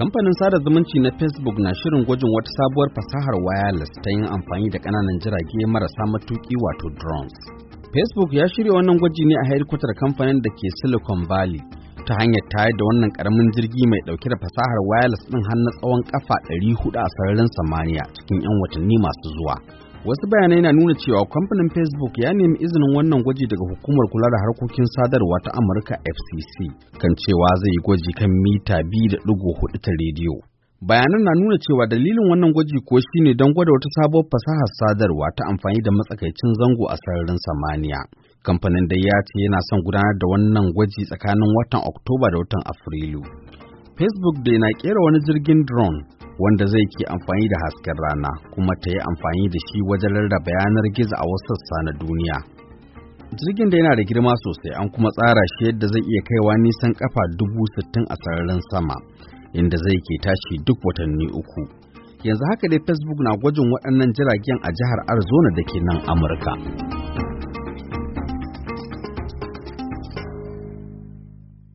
Kamfanin sada zumunci na Facebook na shirin gwajin wata sabuwar fasahar wireless ta yin amfani da ƙananan jirage marasa matuki wato drones. Facebook ya shirya wannan gwaji ne a hedikwatar kamfanin da ke Silicon Valley ta hanyar tayar da wannan karamin jirgi mai ɗauke da fasahar wireless ɗin har na tsawon ƙafa 400 a sararin samaniya cikin 'yan watanni masu zuwa. wasu bayanai na nuna cewa kamfanin facebook ya nemi izinin wannan gwaji daga hukumar kula da harkokin sadarwa ta amurka fcc kan cewa zai yi gwaji kan mita biyu da 2.4 ta rediyo bayanan na nuna cewa dalilin wannan gwaji ko shine don gwada wata sabuwar fasahar sadarwa ta amfani da matsakaicin zango a sararin samaniya kamfanin dai ya ce yana son gudanar da wannan gwaji tsakanin watan oktoba da watan afrilu facebook dai na kera wani jirgin drone wanda zai ke amfani da hasken rana kuma ta yi amfani da shi wajen rarraba yanar gizo a wasu sassa na duniya. Jirgin da yana da girma sosai an kuma tsara shi yadda zai iya kaiwa nisan kafa dubu sittin a sararin sama, inda zai ke tashi duk watanni uku. Yanzu haka dai Facebook na gwajin waɗannan jiragen a jihar Arizona da ke nan Amurka.